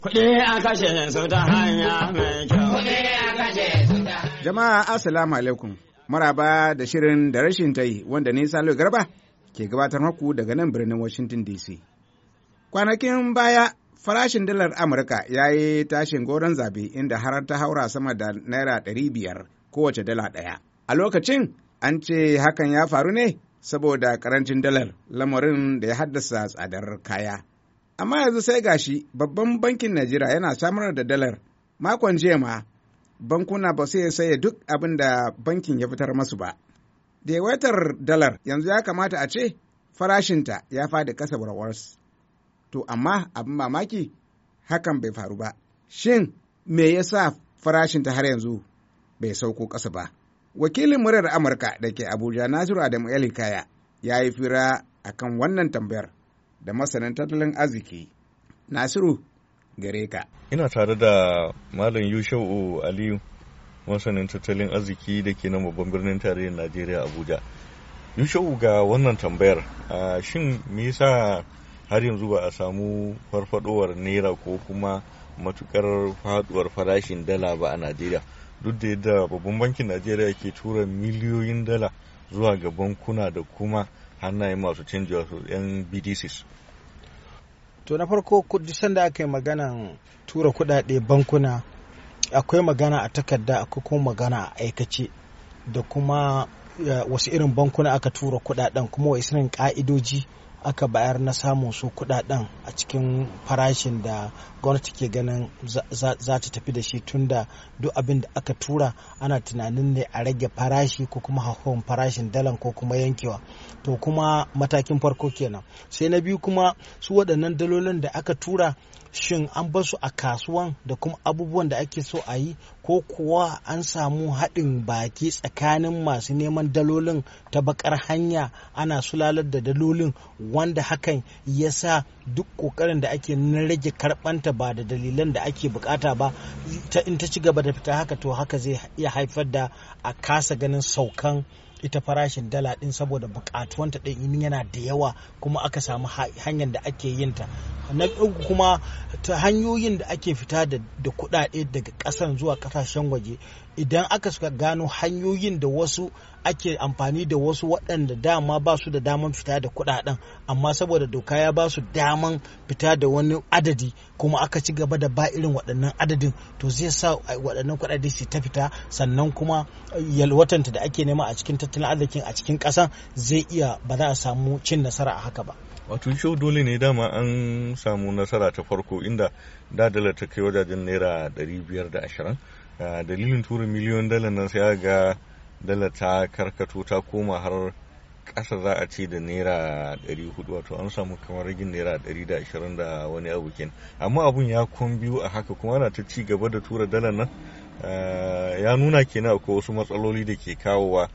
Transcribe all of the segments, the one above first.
Kuɗi a kashe su ta hanya mai kyau. Kuɗi a kashe su ta Jama'a Assalamu alaikum. Maraba da shirin da rashin ta yi wanda ne Salo Garba ke gabatar maku daga nan birnin Washington DC. Kwanakin baya farashin dalar Amurka ya yi tashin goron zabe inda har ta haura sama da naira ɗari biyar kowace dala ɗaya. A lokacin an ce hakan ya faru ne saboda karancin dalar lamarin da ya haddasa tsadar kaya Amma yanzu sai gashi babban bankin Najeriya yana samar da dalar makon jiya ma bankuna ba sai saye duk abin da bankin ya fitar masu ba. Da yawaitar dalar yanzu ya kamata a ce farashinta ya fadi kasa warwars. To amma abin mamaki hakan bai faru ba. Shin me yasa farashinta har yanzu bai sauko ƙasa ba? Wakilin muryar Amurka da ke Abuja Nasiru Adamu Elikaya ya yi fira akan wannan tambayar. da masanin tattalin arziki. Nasiru gare ka. Ina tare da Malam Yushau Aliyu, masanin tattalin arziki da ke nan babban birnin tarayyar Najeriya Abuja. Yushau ga wannan tambayar, shin me yasa har yanzu ba a samu farfadowar naira ko kuma matukar faduwar farashin dala ba a Najeriya? Duk da yadda babban bankin Najeriya ke tura miliyoyin dala zuwa ga bankuna da kuma hannayen masu canjewa su yan bdcs to na farko duk da aka yi magana tura kudade bankuna akwai magana a takarda akwai kuma magana a aikace da kuma eh, wasu irin bankuna aka tura kudaden kuma wasu irin ka'idoji aka bayar na samun su kudaden a cikin farashin da gwamnati ke ganin za ta tafi da shi tun da duk abin da aka tura ana tunanin ne a rage farashi ko kuma hakon farashin dalan ko kuma yankewa to kuma matakin farko kenan sai na biyu kuma su waɗannan dalolin da aka tura shin an basu a kasuwan da kuma abubuwan da ake so a yi ko kuwa an samu haɗin baki tsakanin masu neman dalolin ta bakar hanya ana sulalar da dalolin wanda hakan ya sa duk ƙoƙarin da ake na rage karɓanta ba da dalilan da ake bukata ba in ta ci gaba da fita haka to haka zai iya haifar da a kasa ganin saukan ita farashin dala din saboda bukatuwanta din yana da yawa kuma aka samu hanyar da ake yin ta na uku kuma ta hanyoyin da ake fita da kuɗaɗe daga ƙasan zuwa ƙasashen waje idan aka suka gano hanyoyin da wasu ake amfani da wasu waɗanda dama ba su da daman fita da kuɗaɗen amma saboda doka ya ba su daman fita da wani adadi kuma aka ci gaba da ba irin waɗannan adadin to zai sa waɗannan kuɗaɗe su ta fita sannan kuma yalwatanta da ake nema a cikin tattalin arzikin a cikin ƙasan zai iya ba za a samu cin nasara a haka ba. wato shi dole ne dama an samu nasara ta farko inda dadala ta kai wajajen naira biyar da ashirin. dalilin tura miliyon dala nan sai ga dala ta karkato ta koma har ƙasa za a ce da naira 400 wato an samu kamar ragin naira 120 da wani abu amma abun ya kun biyu a haka kuma ana ta ci gaba da tura dala nan ya nuna kenan akwai wasu matsaloli da ke kawowa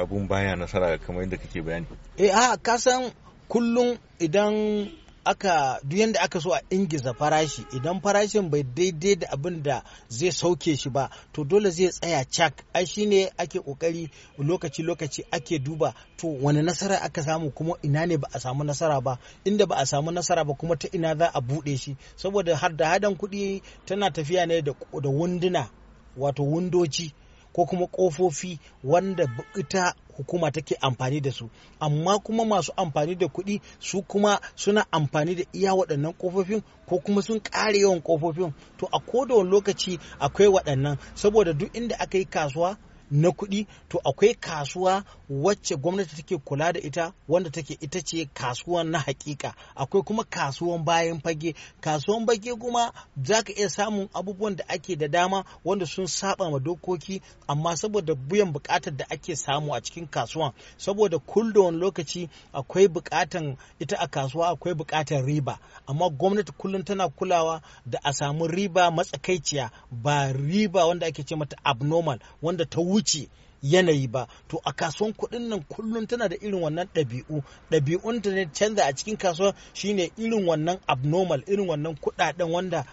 abun baya nasara kamar yadda kake bayani eh a kasan kullum idan aka duk yanda aka so a ingiza farashi idan farashin bai daidai da abin da zai sauke shi ba to dole zai tsaya cak ai shine ake kokari lokaci lokaci ake duba to wani nasara aka samu kuma ina ne ba a samu nasara ba inda ba a samu nasara ba kuma ta ina za a bude shi saboda har da hadan kuɗi tana tafiya ne da wunduna wato wundoci ko kuma ƙofofi wanda ita hukuma take amfani da su amma kuma masu amfani da kuɗi su kuma suna amfani da iya waɗannan ƙofofin ko kuma sun ƙare yawan ƙofofin to a kodawan lokaci akwai waɗannan saboda duk inda aka yi kasuwa na kuɗi to akwai kasuwa wacce gwamnati take kula da ita wanda take ita ce kasuwa na hakika akwai kuma kasuwan bayan fage kasuwan fage kuma za ka iya samun abubuwan da ake da dama wanda sun saba ma dokoki amma saboda biyan bukatar da ake samu a cikin kasuwan saboda kul da wani lokaci akwai bukatan ita a kasuwa akwai bukatan riba amma gwamnati kullum tana kulawa da a samu riba matsakaiciya ba riba wanda ake ce mata abnormal wanda ta wuce yanayi ba to a kasuwan kuɗin nan kullum tana da irin wannan ɗabi'u ɗabi'un ta ne canza a cikin kasuwa shine irin wannan abnormal irin wannan kuɗaɗen wanda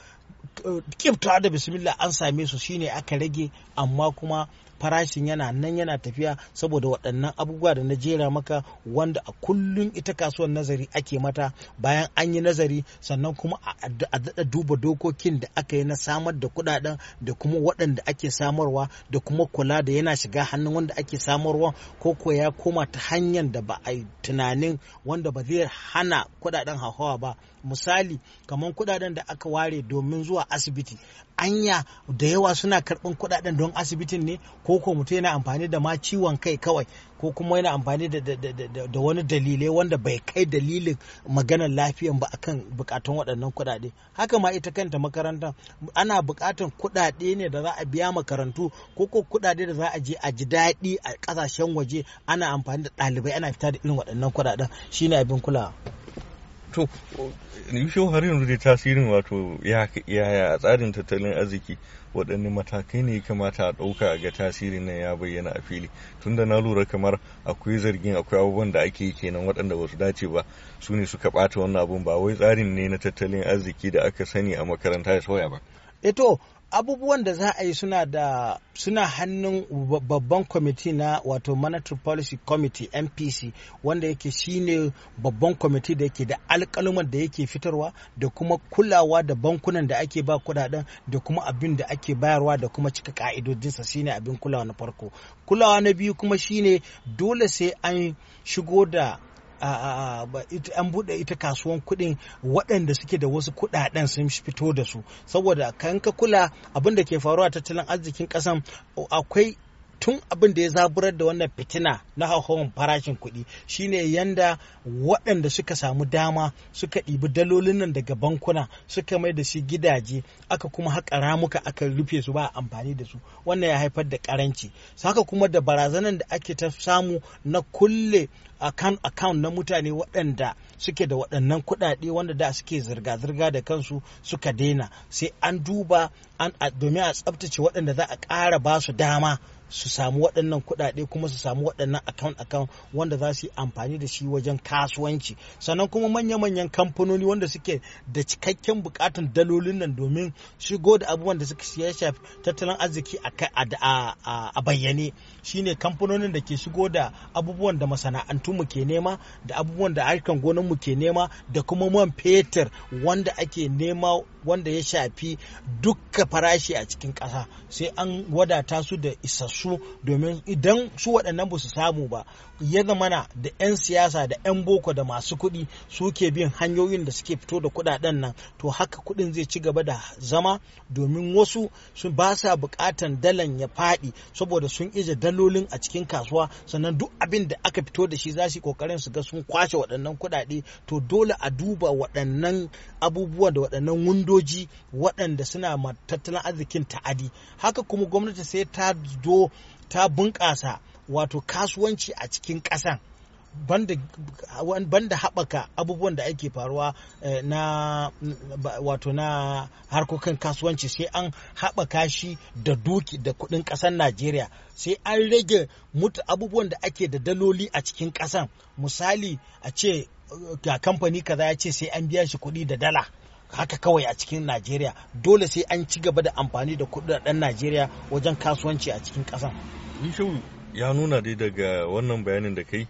kiftawa eh, da bismillah an same su shine aka rage amma kuma farashin yana nan yana tafiya saboda waɗannan abubuwa da na jera maka wanda a kullum ita kasuwar nazari ake mata bayan an yi nazari sannan kuma a daɗa duba dokokin da aka yi na samar da kuɗaɗen da kuma waɗanda ake samarwa da kuma kula da yana shiga hannun wanda ake samarwa ko ko ya koma ta hanyar da ba a yi tunanin wanda ba zai hana kuɗaɗen hauhawa ba misali kamar kudaden da aka ware domin zuwa asibiti anya da yawa suna karɓar kudaden don asibitin ne ko ko mutum yana amfani da ma ciwon kai kawai ko kuma yana amfani da, wani dalilai wanda bai kai dalilin maganar lafiyan ba akan bukatun waɗannan kudade haka ma ita kanta makaranta ana bukatan kudade ne da za a biya makarantu ko ko kudade da za a je a ji daɗi a ƙasashen waje ana amfani da ɗalibai ana fita da irin waɗannan kudaden shine abin kulawa to yusho har yanzu dai tasirin wato yaya a tsarin tattalin arziki waɗanne matakai ne kamata a ɗauka ga tasirin nan ya bayyana a fili tunda na lura kamar akwai zargin akwai abubuwan da ake kenan waɗanda ba dace ba su ne suka ɓata wannan abun ba wai tsarin ne na tattalin arziki da aka sani a makaranta ya sauya ba. Eh to abubuwan da za a yi suna da suna hannun babban kwamiti na wato monetary policy committee mpc wanda yake shine babban kwamiti da yake da alkalman da yake fitarwa da kuma kulawa da bankunan da ake ba kudaden da kuma abin da ake bayarwa da kuma cika ka'idojinsa shine abin kulawa na farko kulawa na biyu kuma shine dole sai an shigo da an buɗe ita kasuwan kuɗin waɗanda suke da wasu kuɗaɗen sun fito da su saboda kan ka kula abin da ke faruwa tattalin arzikin ƙasan akwai tun abin da ya zaburar da wannan fitina na hauhawan farashin kuɗi shine yanda waɗanda suka samu dama suka ɗibi dalolin nan daga bankuna suka mai da shi gidaje aka kuma haƙa ramuka aka rufe su ba amfani da su wannan ya haifar da ƙaranci haka kuma da barazanan da ake ta samu na kulle account account na mutane waɗanda suke da waɗannan kuɗaɗe wanda da suke zirga-zirga da kansu suka daina sai an duba domin a tsabtace waɗanda za a ƙara ba su dama su samu waɗannan kuɗaɗe kuma su samu waɗannan account account wanda za su yi amfani da shi wajen kasuwanci sannan kuma manya-manyan kamfanoni wanda suke da cikakken bukatun dalolin nan domin shigo da abubuwan da suka ya shafi tattalin arziki a bayyane shine kamfanonin da ke shigo da abubuwan da masana'antu mu ke nema da abubuwan da harkan gonan mu ke nema da kuma man fetur wanda ake nema wanda ya shafi dukka farashi a cikin ƙasa sai an wadata su da isa. su domin idan su waɗannan ba su samu ba ya zamana da 'yan siyasa da 'yan boko da masu kuɗi su ke bin hanyoyin da suke fito da kuɗaɗen nan to haka kuɗin zai ci gaba da zama domin wasu sun ba sa buƙatan dalan ya faɗi saboda sun ije dalolin a cikin kasuwa sannan duk abin da aka fito da shi za su yi su ga sun kwashe waɗannan kuɗaɗe to dole a duba waɗannan abubuwa da waɗannan wundoji waɗanda suna tattalin arzikin ta'adi haka kuma gwamnati sai ta do ta bunƙasa wato kasuwanci a cikin ƙasan banda haɓaka abubuwan da ake faruwa eh, na wato na harkokin kasuwanci sai an haɓaka shi da duki da kuɗin ƙasar najeriya sai an rage mutu abubuwan da ake da daloli a cikin ƙasan misali a ce ga kamfani kaza ya ce sai an biya shi kuɗi da dala haka kawai a cikin najeriya dole sai an ci gaba da amfani da kudaden najeriya wajen kasuwanci a cikin ƙasan ya nuna dai daga wannan bayanin da kai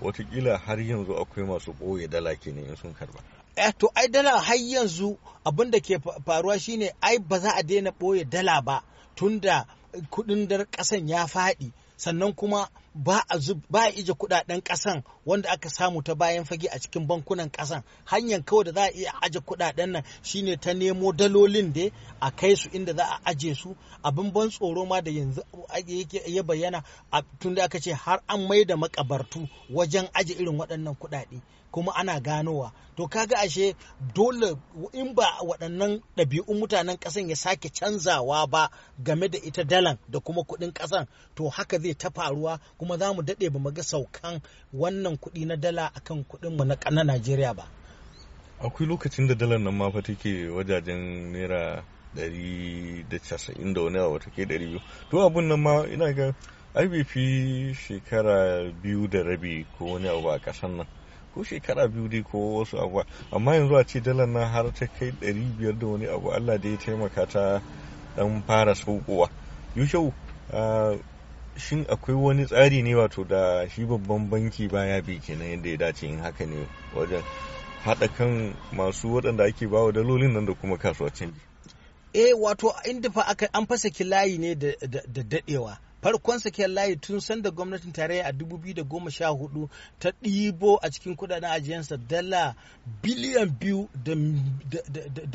watakila har yanzu akwai masu ɓoye dala kenan in sun karba eh to ai dala har yanzu abin da ke faruwa shine ai ba za a daina ɓoye dala ba tunda kudin dar ƙasan ya faɗi sannan kuma ba a ba ije kudaden kasan wanda aka samu ta bayan fage a cikin bankunan kasan hanyar kawai da za a iya aje kudaden nan shine ta nemo dalolin da a kai su inda za a aje su abin ban tsoro ma da yanzu ya bayyana tun da aka ce har an mai da makabartu wajen aje irin waɗannan kudade kuma ana ganowa to kaga ashe dole in ba waɗannan ɗabi'un mutanen ƙasan ya sake canzawa ba game da ita dalan da kuma kuɗin ƙasan to haka zai ta faruwa kuma za mu daɗe ba mu ga saukan wannan kuɗi na dala a kan mu na Najeriya ba akwai lokacin da dalar nan ma fa take wajajen naira ɗari da casa'in da wani abu take ɗari biyu to abun nan ma ina ga IBP shekara biyu da rabi ko wani abu a ƙasan nan ko shekara biyu dai ko wasu abuwa. amma yanzu a ce dalar nan har ta kai ɗari biyar da wani abu allah da ya taimaka ta ɗan fara saukowa yushau ah, shin akwai wani tsari ne wato da shi babban banki baya bi kenan yadda ya dace in haka ne wajen haɗa kan masu waɗanda ake bawa dalolin nan da kuma kasuwa canji eh wato inda fa aka an fasa layi ne da daɗewa, farkon sakiyar layi tun sanda gwamnatin tarayya a 2014 ta ɗibo a cikin kudaden ajiyarsa dala biliyan biyu da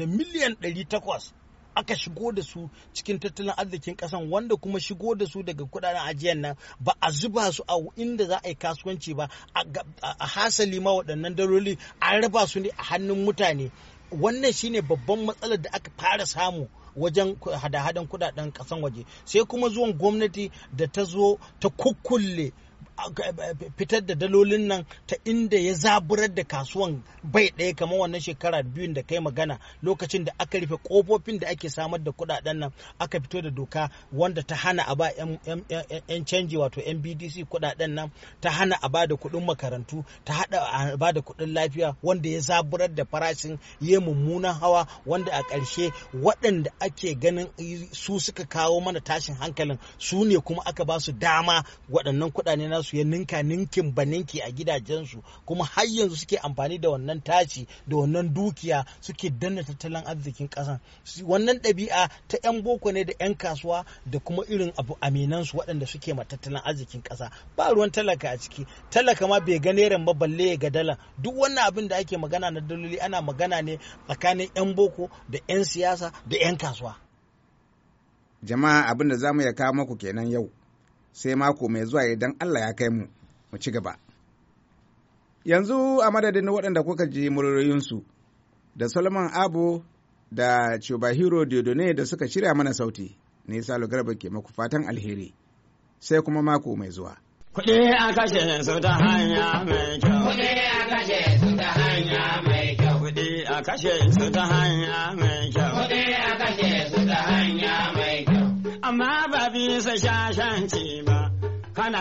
miliyan ɗari takwas. aka shigo da su cikin tattalin arzikin kasan wanda kuma shigo da su daga kudaden ajiyar nan ba a zuba su a inda za a yi kasuwanci ba a hasali ma waɗannan daloli a raba su ne a hannun mutane wannan shine babban matsalar da aka fara samu wajen hada-hadan kudaden kasan waje sai kuma zuwan gwamnati da ta zo ta kukkulle Eh, eh, fitar da dalolin nan ta inda ya zaburar da kasuwan bai ɗaya kamar wannan shekara biyun da kai magana lokacin da aka rufe kofofin da ake samar da kuɗaɗen nan aka fito da doka wanda ta hana a ba 'yan canji wato nbdc kuɗaɗen nan ta hana a ba da kuɗin makarantu ta hada a ba da kuɗin lafiya wanda ya zaburar da farashin ya mummunan hawa wanda a ƙarshe waɗanda ake ganin su suka kawo mana tashin hankalin su ne kuma aka ba su dama waɗannan kuɗaɗen na su ya ninka ninkin baninki a gidajensu kuma har yanzu suke amfani da wannan taci da wannan dukiya suke danna tattalin arzikin ƙasa wannan ɗabi'a ta 'yan boko ne da 'yan kasuwa da kuma irin abu aminansu waɗanda suke ma tattalin arzikin ƙasa ba ruwan talaka a ciki talaka ma bai ga neran ba balle ya ga dala duk wannan abin da ake magana na daloli ana magana ne tsakanin 'yan boko da 'yan siyasa da 'yan kasuwa jama'a abin da za mu ya kawo muku kenan yau sai mako mai zuwa idan Allah ya kai mu mu ci gaba. Yanzu a madadin waɗanda kuka ji murarriyunsu da Solomon Abu da Chubahiro Dodone da suka shirya mana sauti, ne Salo Garba ke maku fatan alheri, sai kuma mako mai zuwa. Kuɗi a kashe su ta hanya mai kyau. Kuɗi a kashe su ta hanya mai kyau. Kuɗi a kashe su ta hanya mai kyau. Kuɗi a kashe su ta hanya mai kyau. Amma da shashanci ba, kana